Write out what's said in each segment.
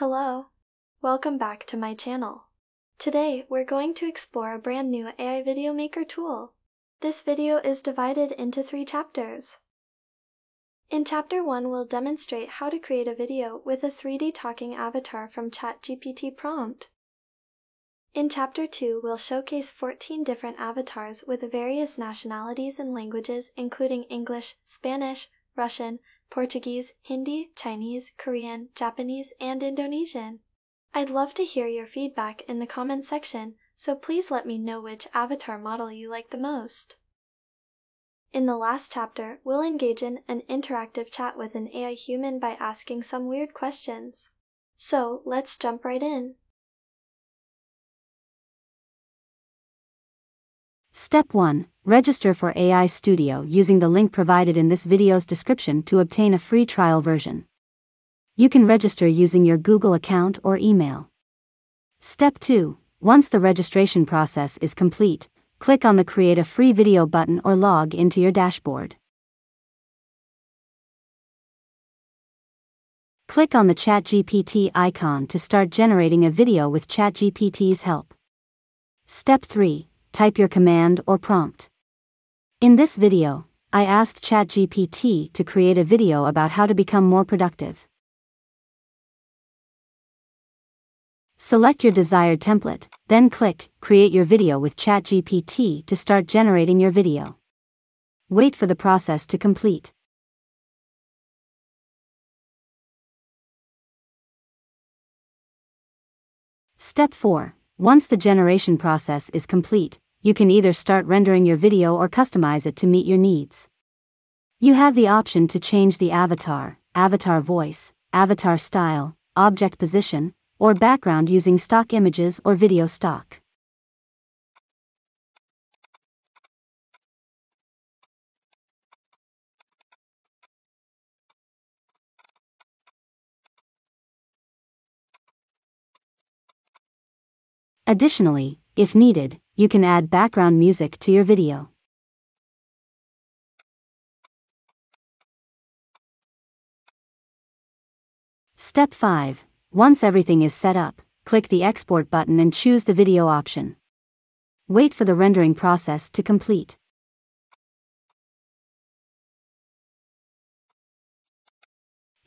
Hello! Welcome back to my channel. Today, we're going to explore a brand new AI Video Maker tool. This video is divided into three chapters. In Chapter 1, we'll demonstrate how to create a video with a 3D talking avatar from ChatGPT prompt. In Chapter 2, we'll showcase 14 different avatars with various nationalities and languages including English, Spanish, Russian, Portuguese, Hindi, Chinese, Korean, Japanese, and Indonesian. I'd love to hear your feedback in the comments section, so please let me know which avatar model you like the most. In the last chapter, we'll engage in an interactive chat with an AI human by asking some weird questions. So let's jump right in. Step 1. Register for AI Studio using the link provided in this video's description to obtain a free trial version. You can register using your Google account or email. Step 2. Once the registration process is complete, click on the Create a Free Video button or log into your dashboard. Click on the ChatGPT icon to start generating a video with ChatGPT's help. Step 3 type your command or prompt. In this video, I asked ChatGPT to create a video about how to become more productive. Select your desired template, then click Create your video with ChatGPT to start generating your video. Wait for the process to complete. Step 4 once the generation process is complete, you can either start rendering your video or customize it to meet your needs. You have the option to change the avatar, avatar voice, avatar style, object position, or background using stock images or video stock. Additionally, if needed, you can add background music to your video. Step 5. Once everything is set up, click the Export button and choose the video option. Wait for the rendering process to complete.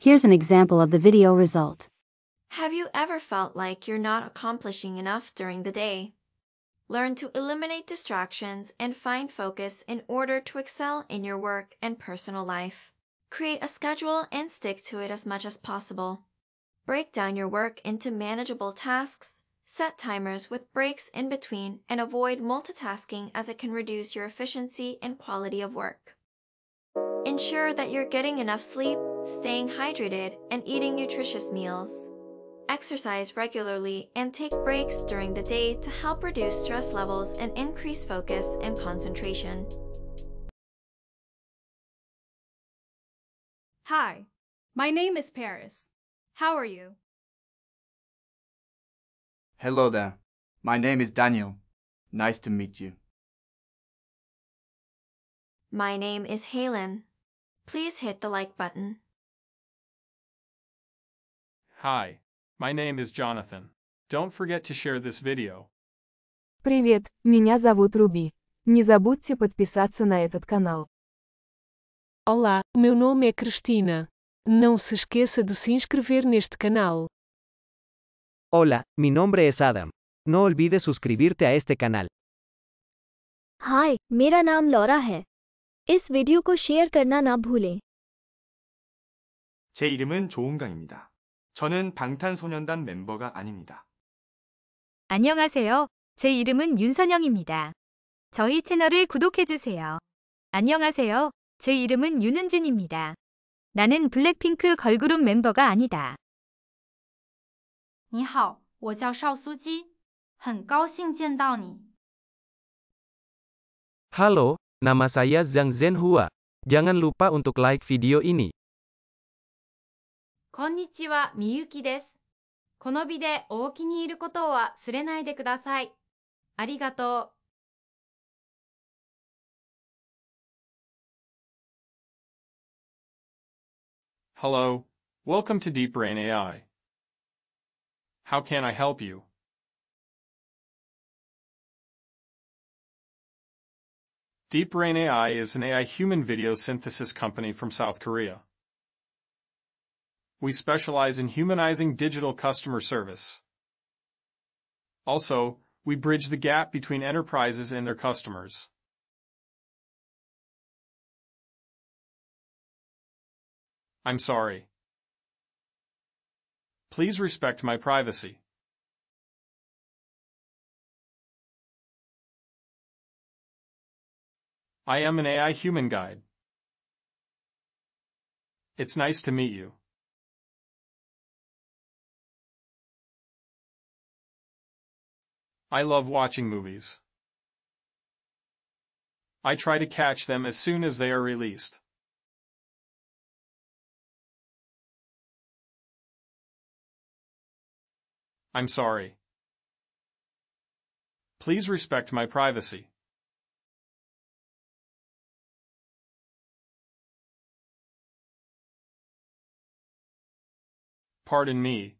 Here's an example of the video result. Have you ever felt like you're not accomplishing enough during the day? Learn to eliminate distractions and find focus in order to excel in your work and personal life. Create a schedule and stick to it as much as possible. Break down your work into manageable tasks, set timers with breaks in between, and avoid multitasking as it can reduce your efficiency and quality of work. Ensure that you're getting enough sleep, staying hydrated, and eating nutritious meals exercise regularly, and take breaks during the day to help reduce stress levels and increase focus and concentration. Hi, my name is Paris. How are you? Hello there. My name is Daniel. Nice to meet you. My name is Helen. Please hit the like button. Hi, my name is Jonathan. Don't forget to share this video. Привет, меня зовут Руби. Не забудьте подписаться на этот канал. Olá, meu nome é Cristina. Não se esqueça de se inscrever neste canal. Hola, mi nombre es Adam. No olvides suscribirte a este canal. Hi, मेरा नाम Laura है इस vídeo को share karna na bhule. 제 이름은 조은강입니다. 저는 방탄소년단 멤버가 아닙니다. 안녕하세요. 제 이름은 윤선영입니다. 저희 채널을 구독해주세요. 안녕하세요. 제 이름은 윤은진입니다. 나는 블랙핑크 걸그룹 멤버가 아니다. 你好,我叫邵苏基,很高兴见到你. Halo, nama s a Jangan lupa untuk like video ini. こんにちは、みゆきです。この美でお気に入ることは忘れないでください。ありがとう。Hello, welcome to Deep Brain AI. How can I help you? デ e ープ r a i n AI is an AI human video synthesis company from South Korea. we specialize in humanizing digital customer service. Also, we bridge the gap between enterprises and their customers. I'm sorry. Please respect my privacy. I am an AI human guide. It's nice to meet you. I love watching movies. I try to catch them as soon as they are released. I'm sorry. Please respect my privacy. Pardon me,